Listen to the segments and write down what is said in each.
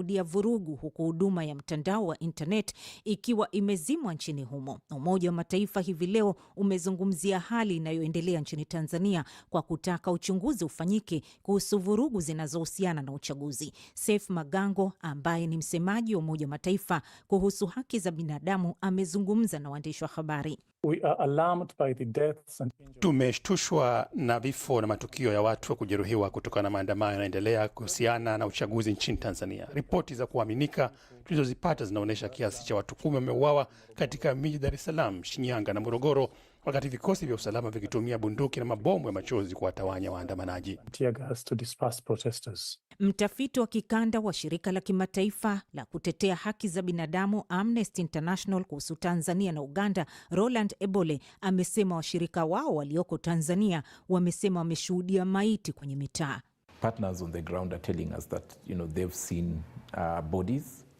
kushuhudia vurugu huku huduma ya mtandao wa internet ikiwa imezimwa nchini humo. Umoja wa Mataifa hivi leo umezungumzia hali inayoendelea nchini Tanzania kwa kutaka uchunguzi ufanyike kuhusu vurugu zinazohusiana na uchaguzi. Sef Magango ambaye ni msemaji wa Umoja wa Mataifa kuhusu haki za binadamu amezungumza na waandishi wa habari. Tumeshtushwa na vifo na matukio ya watu wa kujeruhiwa kutokana na maandamano yanaendelea kuhusiana na uchaguzi nchini Tanzania. Ripoti za kuaminika tulizozipata zinaonyesha kiasi cha watu kumi wameuawa katika miji Dar es Salaam, Shinyanga na Morogoro, wakati vikosi vya usalama vikitumia bunduki na mabomu ya machozi kuwatawanya waandamanaji. Mtafiti wa kikanda wa shirika la kimataifa la kutetea haki za binadamu Amnesty International kuhusu Tanzania na Uganda, Roland Ebole amesema washirika wao walioko Tanzania wamesema wameshuhudia maiti kwenye mitaa. Uh,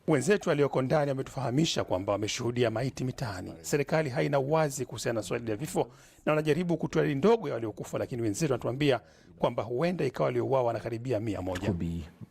wenzetu walioko ndani wametufahamisha kwamba wameshuhudia maiti mitaani. Serikali haina uwazi kuhusiana na swali la vifo na wanajaribu kutoa idadi ndogo ya waliokufa, lakini wenzetu wanatuambia kwamba huenda ikawa waliouawa wanakaribia mia moja.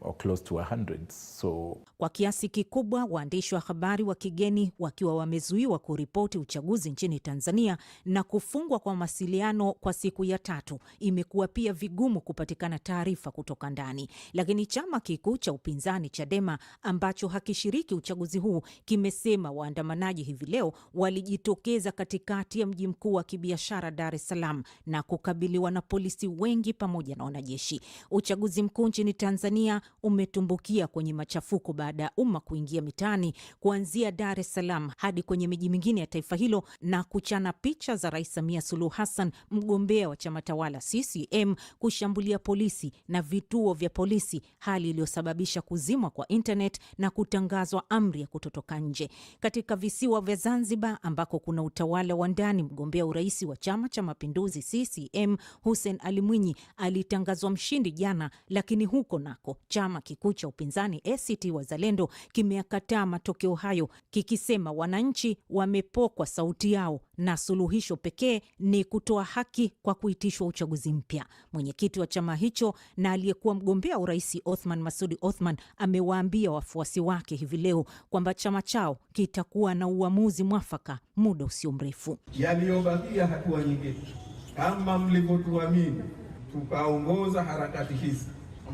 Or close to 100, so... Kwa kiasi kikubwa waandishi wa habari wa kigeni wakiwa wamezuiwa kuripoti uchaguzi nchini Tanzania na kufungwa kwa mawasiliano kwa siku ya tatu, imekuwa pia vigumu kupatikana taarifa kutoka ndani. Lakini chama kikuu cha upinzani Chadema ambacho hakishiriki uchaguzi huu kimesema waandamanaji hivi leo walijitokeza katikati ya mji mkuu wa kibiashara Dar es Salaam na kukabiliwa na polisi wengi pamoja pamoja na wanajeshi. Uchaguzi mkuu nchini Tanzania umetumbukia kwenye machafuko baada ya umma kuingia mitaani kuanzia Dar es Salaam hadi kwenye miji mingine ya taifa hilo na kuchana picha za Rais Samia Suluhu Hassan, mgombea wa chama tawala CCM, kushambulia polisi na vituo vya polisi, hali iliyosababisha kuzimwa kwa internet na kutangazwa amri ya kutotoka nje. Katika visiwa vya Zanzibar ambako kuna utawala wa ndani, mgombea urais wa Chama cha Mapinduzi CCM Hussein Ali Mwinyi alitangazwa mshindi jana, lakini huko nako chama kikuu cha upinzani ACT Wazalendo kimeakataa matokeo hayo kikisema wananchi wamepokwa sauti yao na suluhisho pekee ni kutoa haki kwa kuitishwa uchaguzi mpya. Mwenyekiti wa chama hicho na aliyekuwa mgombea urais Othman Masudi Othman amewaambia wafuasi wake hivi leo kwamba chama chao kitakuwa na uamuzi mwafaka muda usio mrefu. Yaliyobakia hatua nyingine, kama mlivyotuamini tukaongoza harakati hizi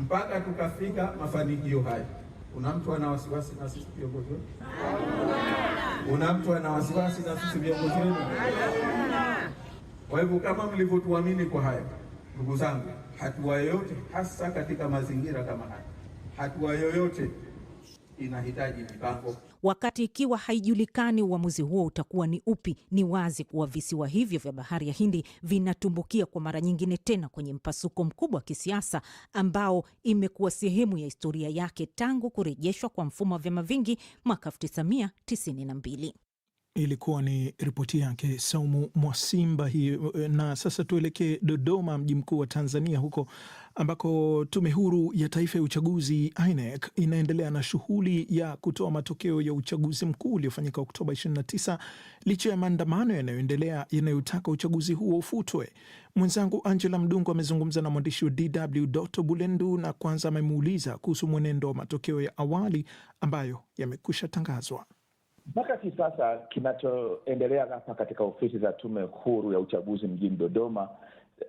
mpaka tukafika mafanikio haya. Kuna mtu ana wasiwasi na sisi viongozi wetu? Kuna mtu ana wasiwasi na sisi viongozi wetu? Kwa hivyo kama mlivyotuamini kwa haya, ndugu zangu, hatua yoyote hasa katika mazingira kama haya, hatua yoyote inahitaji mipango. Wakati ikiwa haijulikani uamuzi huo utakuwa ni upi, ni wazi kuwa visiwa hivyo vya bahari ya Hindi vinatumbukia kwa mara nyingine tena kwenye mpasuko mkubwa wa kisiasa ambao imekuwa sehemu ya historia yake tangu kurejeshwa kwa mfumo wa vyama vingi mwaka 1992. Ilikuwa ni ripoti yake Saumu Mwasimba hii. Eh, na sasa tuelekee Dodoma, mji mkuu wa Tanzania, huko ambako Tume Huru ya Taifa ya Uchaguzi INEC inaendelea na shughuli ya kutoa matokeo ya uchaguzi mkuu uliofanyika Oktoba 29 licha ya maandamano yanayoendelea yanayotaka uchaguzi huo ufutwe. Mwenzangu Angela Mdungu amezungumza na mwandishi wa DW Doto Bulendu na kwanza amemuuliza kuhusu mwenendo wa matokeo ya awali ambayo yamekwisha tangazwa. Mpaka kisasa sasa kinachoendelea hapa katika ofisi za Tume Huru ya Uchaguzi mjini Dodoma,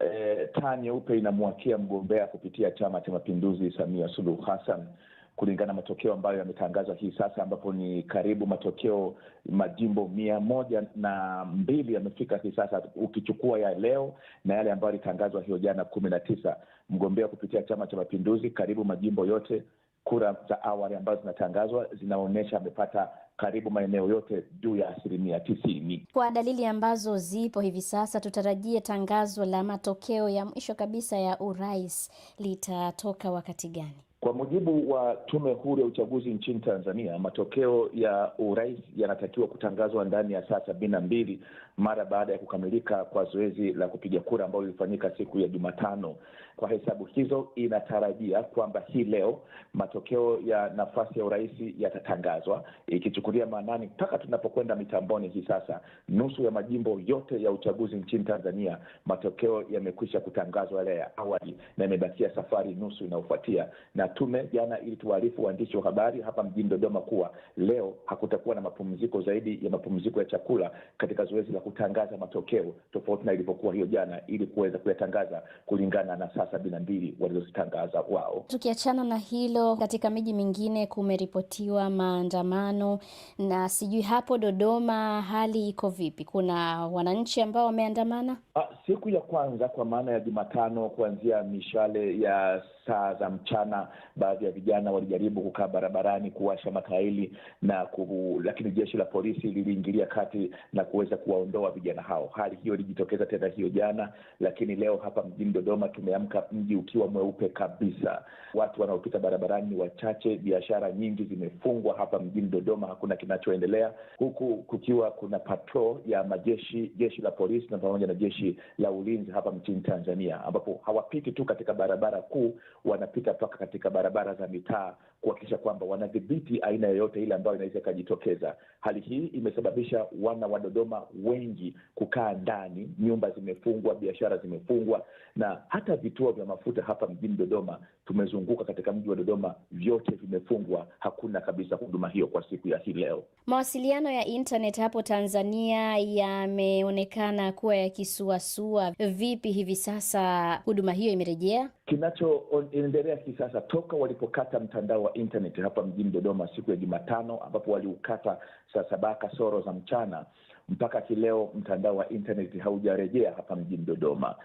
e, taa nyeupe inamwakia mgombea kupitia Chama cha Mapinduzi Samia Suluhu Hassan kulingana na matokeo ambayo yametangazwa hii sasa, ambapo ni karibu matokeo majimbo mia moja na mbili yamefika hii sasa, ukichukua ya leo na yale ambayo yalitangazwa hiyo jana kumi na tisa. Mgombea kupitia Chama cha Mapinduzi, karibu majimbo yote, kura za awali ambazo zinatangazwa zinaonyesha amepata karibu maeneo yote juu ya asilimia tisini. Kwa dalili ambazo zipo hivi sasa, tutarajie tangazo la matokeo ya mwisho kabisa ya urais litatoka wakati gani? Kwa mujibu wa Tume Huru ya Uchaguzi nchini Tanzania, matokeo ya urais yanatakiwa kutangazwa ndani ya saa sabini na mbili mara baada ya kukamilika kwa zoezi la kupiga kura ambalo lilifanyika siku ya Jumatano. Kwa hesabu hizo, inatarajia kwamba hii leo matokeo ya nafasi ya urais yatatangazwa, ikichukulia maanani mpaka tunapokwenda mitamboni hii sasa, nusu ya majimbo yote ya uchaguzi nchini Tanzania matokeo yamekwisha kutangazwa yale ya awali, na imebakia safari nusu inayofuatia na na tume jana ili tuwaarifu waandishi wa habari hapa mjini Dodoma kuwa leo hakutakuwa na mapumziko zaidi ya mapumziko ya chakula katika zoezi la kutangaza matokeo, tofauti na ilivyokuwa hiyo jana, ili kuweza kuyatangaza kulingana na saa sabini na mbili walizozitangaza wao. Tukiachana na hilo, katika miji mingine kumeripotiwa maandamano, na sijui hapo Dodoma hali iko vipi? Kuna wananchi ambao wameandamana ah, siku ya kwanza, kwa maana ya Jumatano kuanzia mishale ya saa za mchana baadhi ya vijana walijaribu kukaa barabarani kuwasha matairi na kubu, lakini jeshi la polisi liliingilia kati na kuweza kuwaondoa vijana hao. Hali hiyo ilijitokeza tena hiyo jana, lakini leo hapa mjini Dodoma tumeamka mji ukiwa mweupe kabisa, watu wanaopita barabarani ni wachache, biashara nyingi zimefungwa hapa mjini Dodoma, hakuna kinachoendelea huku kukiwa kuna patrol ya majeshi, jeshi la polisi na pamoja na jeshi la ulinzi hapa nchini Tanzania, ambapo hawapiti tu katika barabara kuu, wanapita mpaka katika katika barabara za mitaa kuhakikisha kwamba wanadhibiti aina yoyote ile ambayo inaweza ikajitokeza. Hali hii imesababisha wana wa Dodoma wengi kukaa ndani, nyumba zimefungwa, biashara zimefungwa, na hata vituo vya mafuta hapa mjini Dodoma. Tumezunguka katika mji wa Dodoma, vyote vimefungwa, hakuna kabisa huduma hiyo kwa siku ya hii leo. Mawasiliano ya internet hapo Tanzania yameonekana kuwa yakisuasua Vipi hivi sasa huduma hiyo imerejea? Kinachoendelea kisasa toka walipokata mtandao wa intaneti hapa mjini Dodoma siku ya Jumatano, ambapo waliukata saa saba kasoro za mchana mpaka kileo mtandao wa intaneti haujarejea hapa mjini Dodoma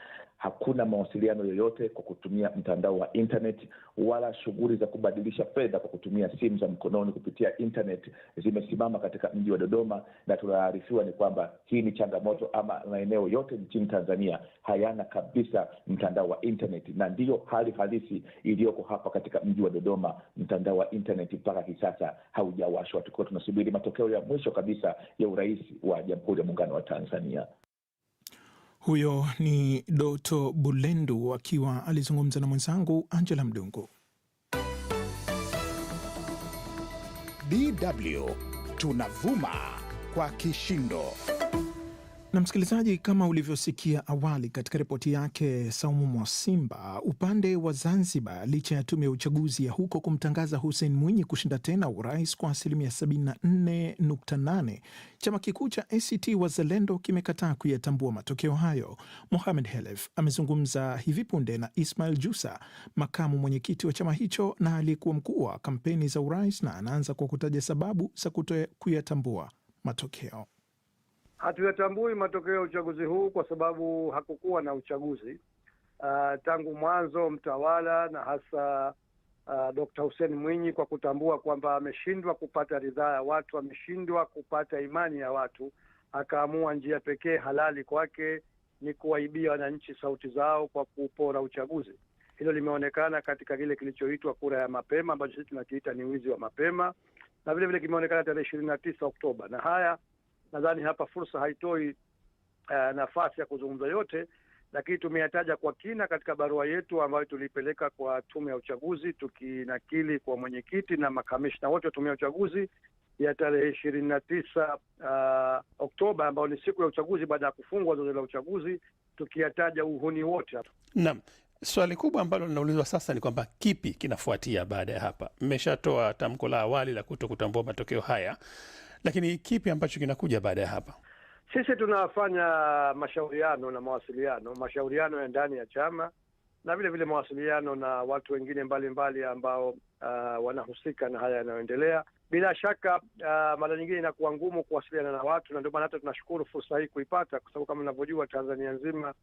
hakuna mawasiliano yoyote kwa kutumia mtandao wa internet wala shughuli za kubadilisha fedha kwa kutumia simu za mkononi kupitia internet zimesimama katika mji wa Dodoma, na tunaarifiwa ni kwamba hii ni changamoto ama maeneo yote nchini Tanzania hayana kabisa mtandao wa internet, na ndiyo hali halisi iliyoko hapa katika mji wa Dodoma. Mtandao wa internet mpaka kisasa haujawashwa, tukiwa tunasubiri matokeo ya mwisho kabisa ya urais wa Jamhuri ya Muungano wa Tanzania. Huyo ni Doto Bulendu akiwa alizungumza na mwenzangu Angela Mdungu. DW tunavuma kwa kishindo. Na msikilizaji, kama ulivyosikia awali katika ripoti yake Saumu Mwasimba, upande wa Zanzibar, licha ya tume ya uchaguzi ya huko kumtangaza Hussein Mwinyi kushinda tena urais kwa asilimia 74.8, chama kikuu cha ACT Wazalendo kimekataa kuyatambua matokeo hayo. Mohamed Helef amezungumza hivi punde na Ismail Jusa, makamu mwenyekiti wa chama hicho na aliyekuwa mkuu wa kampeni za urais, na anaanza kwa kutaja sababu za kuto kuyatambua matokeo. Hatuyatambui matokeo ya uchaguzi huu kwa sababu hakukuwa na uchaguzi uh, tangu mwanzo. Mtawala na hasa uh, ah, Dr. Hussein Mwinyi kwa kutambua kwamba ameshindwa kupata ridhaa ya watu, ameshindwa kupata imani ya watu, akaamua njia pekee halali kwake ni kuwaibia wananchi sauti zao kwa kupora uchaguzi. Hilo limeonekana katika kile kilichoitwa kura ya mapema ambacho sisi tunakiita ni wizi wa mapema, na vile vile kimeonekana tarehe ishirini na tisa Oktoba na haya nadhani hapa fursa haitoi uh, nafasi ya kuzungumza yote, lakini tumeyataja kwa kina katika barua yetu ambayo tuliipeleka kwa tume ya uchaguzi tukinakili kwa mwenyekiti na makamishna wote wa tume ya uchaguzi ya tarehe ishirini na tisa uh, Oktoba ambayo ni siku ya uchaguzi baada ya kufungwa zoezi la uchaguzi, tukiyataja uhuni wote hapa. Naam, swali kubwa ambalo linaulizwa sasa ni kwamba kipi kinafuatia baada ya hapa? Mmeshatoa tamko la awali la kuto kutambua matokeo haya lakini kipi ambacho kinakuja baada ya hapa? Sisi tunafanya mashauriano na mawasiliano, mashauriano ya ndani ya chama na vile vile mawasiliano na watu wengine mbalimbali mbali ambao uh, wanahusika na haya yanayoendelea. Bila shaka uh, mara nyingine inakuwa ngumu kuwasiliana na watu, na ndio maana hata tunashukuru fursa hii kuipata, kwa sababu kama unavyojua Tanzania nzima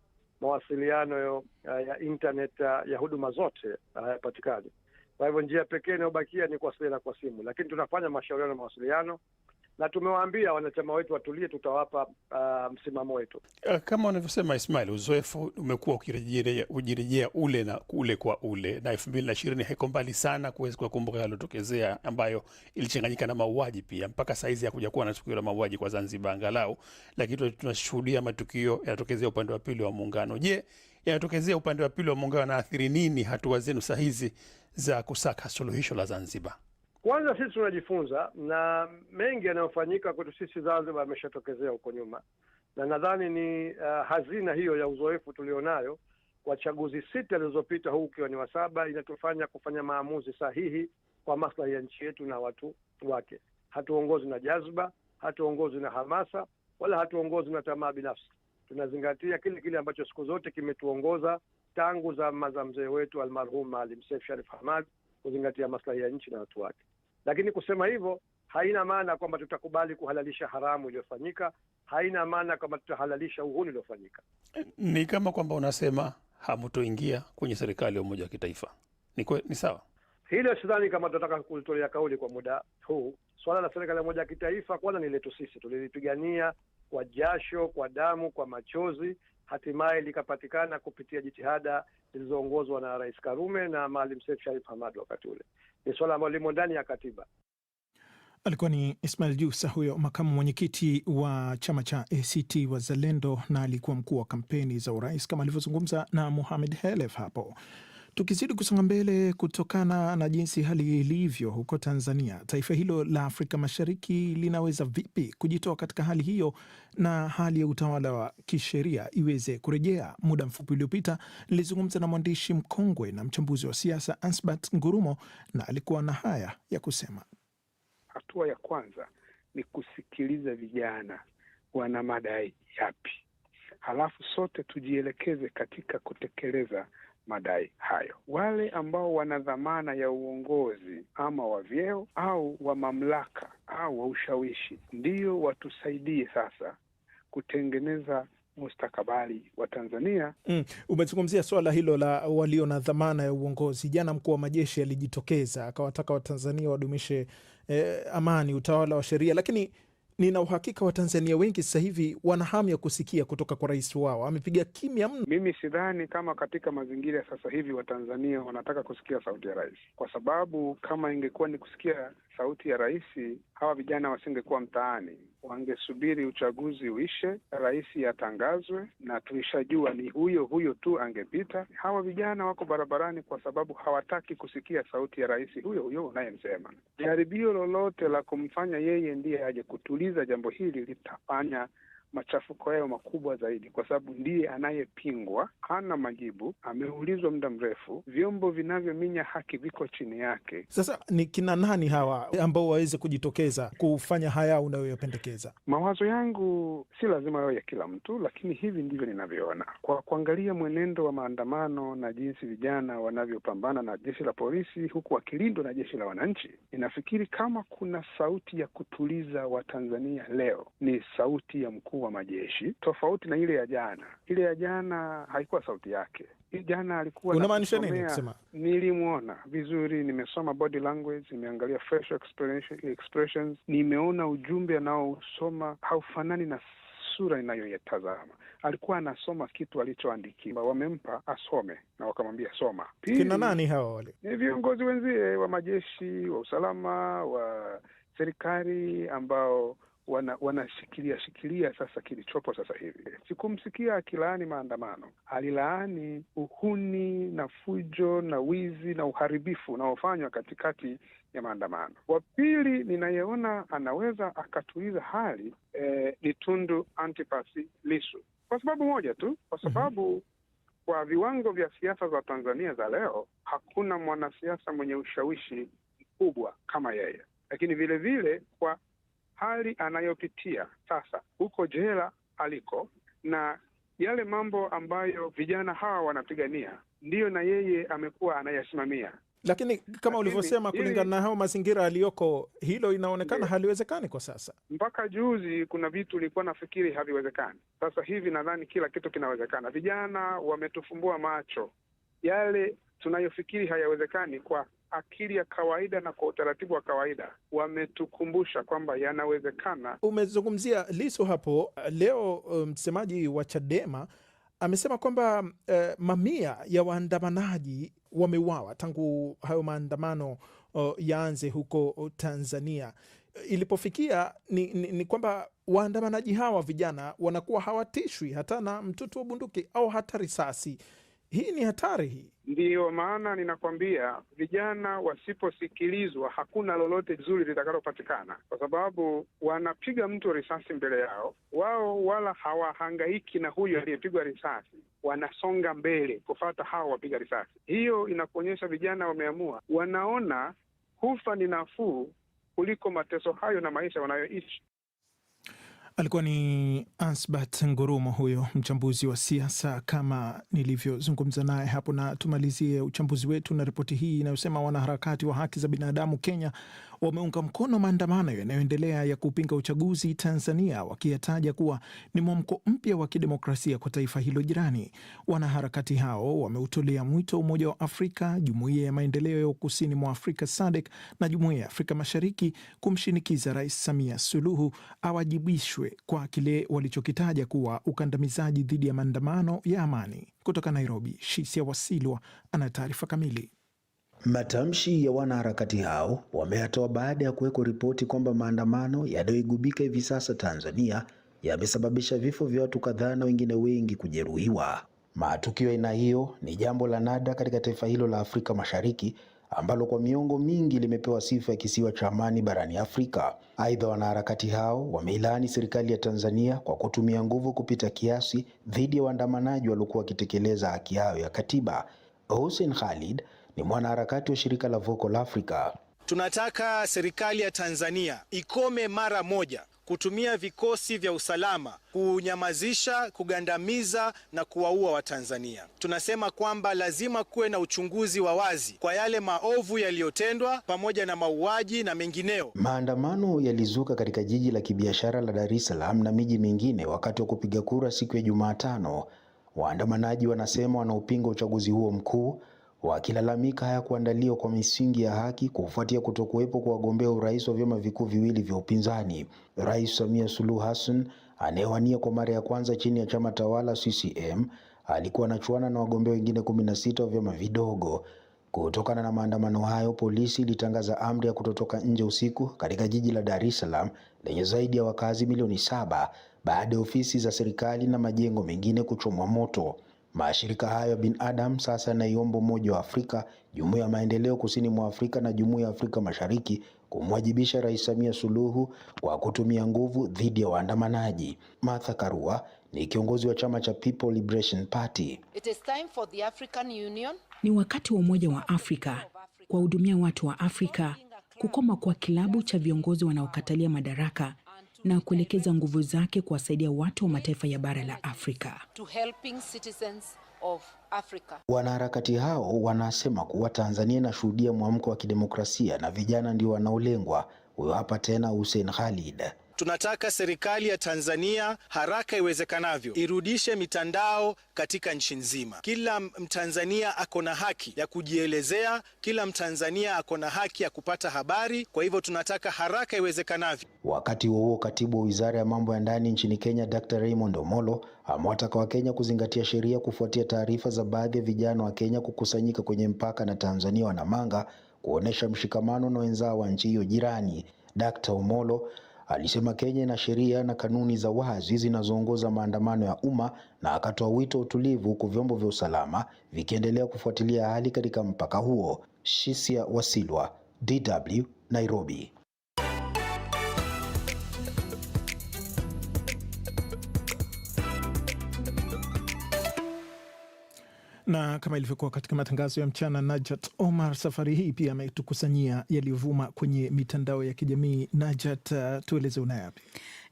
mawasiliano yo, uh, ah, ya internet uh, ya huduma zote hayapatikani. Uh, kwa hivyo njia pekee inayobakia ni kuwasiliana kwa simu, lakini tunafanya mashauriano na mawasiliano na tumewaambia wanachama wetu watulie, tutawapa uh, msimamo wetu. Uh, kama wanavyosema Ismail, uzoefu umekuwa ukijirejea ule na ule kwa ule, na elfu mbili na ishirini haiko mbali sana kuweza kuyakumbuka yaliotokezea, ambayo ilichanganyika na mauaji pia. Mpaka saizi hakuja kuwa na tukio la mauaji kwa Zanzibar angalau, lakini tunashuhudia matukio yanatokezea upande wa pili wa muungano. Je, yanatokezea upande wa pili wa muungano anaathiri nini hatua zenu sahizi za kusaka suluhisho la Zanzibar? Kwanza sisi tunajifunza na mengi yanayofanyika kwetu sisi Zanzibar yameshatokezea huko nyuma, na nadhani ni uh, hazina hiyo ya uzoefu tulionayo kwa chaguzi sita zilizopita, huu ukiwa ni wa saba, inatufanya kufanya maamuzi sahihi kwa maslahi ya nchi yetu na watu wake. Hatuongozi na jazba, hatuongozi na hamasa, wala hatuongozi na tamaa binafsi. Tunazingatia kile kile ambacho siku zote kimetuongoza tangu zama za mzee wetu almarhum Maalim Seif Sharif Hamad, kuzingatia maslahi ya nchi na watu wake. Lakini kusema hivyo haina maana kwamba tutakubali kuhalalisha haramu iliyofanyika, haina maana kwamba tutahalalisha uhuni uliofanyika. Ni kama kwamba unasema hamutoingia kwenye serikali ya umoja wa kitaifa. Ni, ni sawa hilo? Sidhani kama tunataka kulitolea kauli kwa muda huu. Swala la serikali ya umoja wa kitaifa kwanza ni letu sisi, tulilipigania kwa jasho, kwa damu, kwa machozi, hatimaye likapatikana kupitia jitihada zilizoongozwa na Rais Karume na Maalim sef Sharif Hamad wakati ule ni suala ambalo limo ndani ya katiba. Alikuwa ni Ismail jusa huyo, makamu mwenyekiti wa chama cha ACT Wazalendo, na alikuwa mkuu wa kampeni za urais kama alivyozungumza na muhamed Helef hapo. Tukizidi kusonga mbele, kutokana na jinsi hali ilivyo huko Tanzania, taifa hilo la Afrika Mashariki linaweza vipi kujitoa katika hali hiyo na hali ya utawala wa kisheria iweze kurejea? Muda mfupi uliopita nilizungumza na mwandishi mkongwe na mchambuzi wa siasa Ansbert Ngurumo, na alikuwa na haya ya kusema. Hatua ya kwanza ni kusikiliza vijana, wana madai yapi, halafu sote tujielekeze katika kutekeleza madai hayo. Wale ambao wana dhamana ya uongozi ama wa vyeo au wa mamlaka au wa ushawishi, ndiyo watusaidie sasa kutengeneza mustakabali wa Tanzania. Mm, umezungumzia swala hilo la walio na dhamana ya uongozi. Jana mkuu wa majeshi alijitokeza akawataka Watanzania wadumishe eh, amani, utawala wa sheria, lakini nina uhakika Watanzania wengi sasa hivi wana hamu ya kusikia kutoka kwa rais wao. Amepiga kimya mno. Mimi sidhani kama katika mazingira ya sasa hivi Watanzania wanataka kusikia sauti ya rais, kwa sababu kama ingekuwa ni kusikia sauti ya rais, hawa vijana wasingekuwa mtaani, wangesubiri uchaguzi uishe, rais atangazwe, na tulishajua ni huyo huyo tu angepita. Hawa vijana wako barabarani kwa sababu hawataki kusikia sauti ya rais huyo huyo unayemsema. Jaribio lolote la kumfanya yeye ndiye aje kutuliza jambo hili litafanya machafuko hayo makubwa zaidi, kwa sababu ndiye anayepingwa, hana majibu, ameulizwa muda mrefu, vyombo vinavyominya haki viko chini yake. Sasa ni kina nani hawa ambao waweze kujitokeza kufanya haya unayoyapendekeza? Mawazo yangu si lazima yao ya kila mtu, lakini hivi ndivyo ninavyoona kwa kuangalia mwenendo wa maandamano na jinsi vijana wanavyopambana na jeshi la polisi huku wakilindwa na jeshi la wananchi. Ninafikiri kama kuna sauti ya kutuliza Watanzania leo ni sauti ya mkuu mkuu wa majeshi, tofauti na ile ya jana. Ile ya jana haikuwa sauti yake. Hii jana alikuwa unamaanisha nini kusema? Nilimwona vizuri, nimesoma body language, nimeangalia facial expressions, nimeona ujumbe anaosoma haufanani na sura inayoyatazama. Alikuwa anasoma kitu alichoandikiwa, wamempa asome na wakamwambia soma. Kina nani hawa? Wale ni viongozi wenzie wa majeshi, wa usalama, wa serikali ambao wana, wanashikilia shikilia sasa kilichopo sasa hivi. Sikumsikia akilaani maandamano, alilaani uhuni na fujo na wizi na uharibifu unaofanywa katikati ya maandamano. Wa pili ninayeona anaweza akatuliza hali eh, ni Tundu Antipas Lissu kwa sababu moja tu, kwa mhm. sababu kwa viwango vya siasa za Tanzania za leo hakuna mwanasiasa mwenye ushawishi mkubwa kama yeye, lakini vilevile vile, kwa hali anayopitia sasa huko jela aliko na yale mambo ambayo vijana hawa wanapigania ndiyo na yeye amekuwa anayasimamia. Lakini kama ulivyosema, kulingana na hao mazingira aliyoko, hilo inaonekana haliwezekani kwa sasa. Mpaka juzi kuna vitu ulikuwa nafikiri haviwezekani, sasa hivi nadhani kila kitu kinawezekana. Vijana wametufumbua macho, yale tunayofikiri hayawezekani kwa akili ya kawaida na kwa utaratibu wa kawaida wametukumbusha kwamba yanawezekana. Umezungumzia liso hapo leo, uh, msemaji um, wa Chadema amesema kwamba uh, mamia ya waandamanaji wameuawa tangu hayo maandamano uh, yaanze huko Tanzania. Ilipofikia ni, ni, ni kwamba waandamanaji hawa vijana wanakuwa hawatishwi hata na mtoto wa bunduki au hata risasi. Hii ni hatari hii. Ndiyo maana ninakwambia vijana wasiposikilizwa hakuna lolote zuri litakalopatikana, kwa sababu wanapiga mtu risasi mbele yao, wao wala hawahangaiki na huyo aliyepigwa risasi, wanasonga mbele kufata hao wapiga risasi. Hiyo inakuonyesha vijana wameamua, wanaona hufa ni nafuu kuliko mateso hayo na maisha wanayoishi. Alikuwa ni Ansbat Ngurumo huyo mchambuzi wa siasa kama nilivyozungumza naye hapo. Na tumalizie uchambuzi wetu na ripoti hii inayosema wanaharakati wa haki za binadamu Kenya wameunga mkono maandamano yanayoendelea ya kupinga uchaguzi Tanzania, wakiyataja kuwa ni mwamko mpya wa kidemokrasia kwa taifa hilo jirani. Wanaharakati hao wameutolea mwito Umoja wa Afrika, Jumuiya ya Maendeleo ya Kusini mwa Afrika SADC na Jumuiya ya Afrika Mashariki kumshinikiza Rais Samia Suluhu awajibishwe kwa kile walichokitaja kuwa ukandamizaji dhidi ya maandamano ya amani. Kutoka Nairobi, Shisia Wasilwa ana taarifa kamili. Matamshi ya wanaharakati hao wameyatoa baada ya kuwekwa ripoti kwamba maandamano yanayoigubika hivi sasa Tanzania yamesababisha vifo vya watu kadhaa na wengine wengi kujeruhiwa. Matukio ya aina hiyo ni jambo la nada katika taifa hilo la Afrika Mashariki ambalo kwa miongo mingi limepewa sifa ya kisiwa cha amani barani Afrika. Aidha, wanaharakati hao wameilaani serikali ya Tanzania kwa kutumia nguvu kupita kiasi dhidi ya waandamanaji waliokuwa wakitekeleza haki yao ya katiba. Hussein Khalid ni mwanaharakati wa shirika la Vocal Africa. Tunataka serikali ya Tanzania ikome mara moja kutumia vikosi vya usalama kunyamazisha, kugandamiza na kuwaua Watanzania. Tunasema kwamba lazima kuwe na uchunguzi wa wazi kwa yale maovu yaliyotendwa pamoja na mauaji na mengineo. Maandamano yalizuka katika jiji la kibiashara la Dar es Salaam na miji mingine wakati wa kupiga kura siku ya Jumatano. Waandamanaji wanasema wanaopinga uchaguzi huo mkuu wakilalamika haya kuandaliwa kwa misingi ya haki kufuatia kutokuwepo kwa wagombea urais wa vyama vikuu viwili vya upinzani. Rais Samia Suluhu Hassan anayewania kwa mara ya kwanza chini ya chama tawala CCM alikuwa anachuana na wagombea wengine kumi na sita wa vyama vidogo. Kutokana na maandamano hayo, polisi ilitangaza amri ya kutotoka nje usiku katika jiji la Dar es Salaam lenye zaidi ya wakazi milioni saba baada ya ofisi za serikali na majengo mengine kuchomwa moto. Mashirika hayo Adam sasa yanaiomba Umoja wa Afrika, Jumuiya ya Maendeleo Kusini mwa Afrika na Jumuiya ya Afrika Mashariki kumwajibisha Rais Samia Suluhu kwa kutumia nguvu dhidi ya waandamanaji. Martha Karua ni kiongozi wa chama cha People Liberation Party. It is time for the African Union. Ni wakati wa Umoja wa Afrika kuwahudumia watu wa Afrika, kukoma kwa kilabu cha viongozi wanaokatalia madaraka na kuelekeza nguvu zake kuwasaidia watu wa mataifa ya bara la Afrika. Wanaharakati hao wanasema kuwa Tanzania inashuhudia mwamko wa kidemokrasia na vijana ndio wanaolengwa. Huyo hapa tena Hussein Khalid tunataka serikali ya Tanzania haraka iwezekanavyo irudishe mitandao katika nchi nzima. Kila Mtanzania ako na haki ya kujielezea, kila Mtanzania ako na haki ya kupata habari. Kwa hivyo tunataka haraka iwezekanavyo. Wakati huo huo, katibu wa wizara ya mambo ya ndani nchini Kenya Dr. Raymond Omolo amewataka Wakenya kuzingatia sheria kufuatia taarifa za baadhi ya vijana wa Kenya kukusanyika kwenye mpaka na Tanzania wa Namanga kuonesha mshikamano na wenzao wa nchi hiyo jirani. Dr. Omolo Alisema Kenya ina sheria na kanuni za wazi zinazoongoza maandamano ya umma na akatoa wito wa utulivu huku vyombo vya usalama vikiendelea kufuatilia hali katika mpaka huo. Shisia Wasilwa, DW, Nairobi. Na kama ilivyokuwa katika matangazo ya mchana, Najat Omar safari hii pia ametukusanyia yaliyovuma kwenye mitandao ya kijamii. Najat, uh, tueleze unayapi?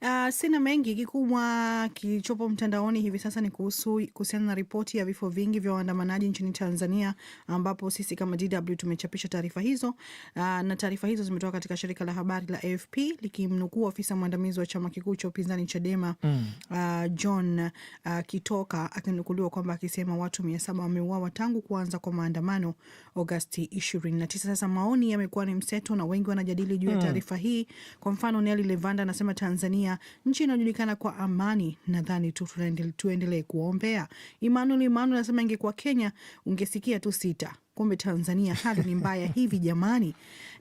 Uh, sina mengi. Kikubwa kilichopo mtandaoni hivi sasa ni kuhusu kuhusiana na ripoti ya vifo vingi vya waandamanaji nchini Tanzania, ambapo sisi kama DW tumechapisha taarifa hizo uh, na taarifa hizo zimetoka katika shirika la habari la AFP likimnukuu afisa mwandamizi wa chama kikuu cha upinzani Chadema mm. uh, John uh, Kitoka akinukuliwa kwamba akisema watu mia saba wameuawa tangu kuanza kwa maandamano Agosti 29. Sasa maoni yamekuwa ni mseto na wengi wanajadili juu ya mm. taarifa hii. Kwa mfano, Neli Levanda anasema Tanzania Tanzania, nchi inayojulikana kwa amani. Nadhani tu tuendelee kuombea. Imanuel Imanuel anasema ingekuwa Kenya ungesikia tu sita Kumbe Tanzania hali ni mbaya hivi jamani.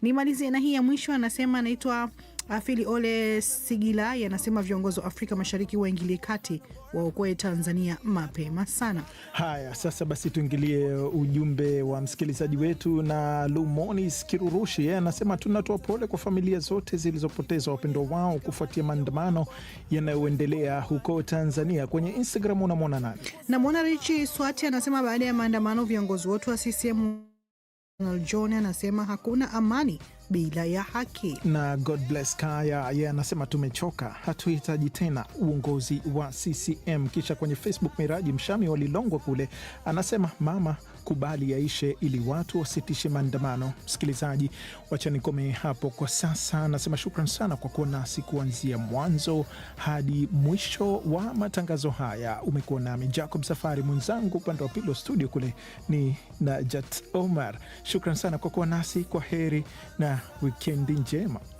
Nimalizie na hii ya mwisho, anasema anaitwa Afili Ole Sigilai anasema viongozi wa Afrika Mashariki waingilie kati, waokoe Tanzania mapema sana. Haya, sasa basi tuingilie ujumbe wa msikilizaji wetu na Lumonis Kirurushi. Yeye anasema tunatoa pole kwa familia zote zilizopoteza wapendwa wao kufuatia maandamano yanayoendelea huko Tanzania. Kwenye Instagram unamwona nani? Namwona Richi Swati anasema baada ya maandamano viongozi wote wa CCM John anasema hakuna amani bila ya haki. Na God bless Kaya yeye anasema tumechoka, hatuhitaji tena uongozi wa CCM. Kisha kwenye Facebook Miraji Mshami walilongwa kule anasema mama kubali yaishe ili watu wasitishe maandamano. Msikilizaji, wacha nikomee hapo kwa sasa. Anasema shukran sana kwa kuwa nasi kuanzia mwanzo hadi mwisho wa matangazo haya. Umekuwa nami Jacob Safari, mwenzangu upande wa pili wa studio kule ni na Jat Omar. Shukran sana kwa kuwa nasi, kwa heri na wikendi njema.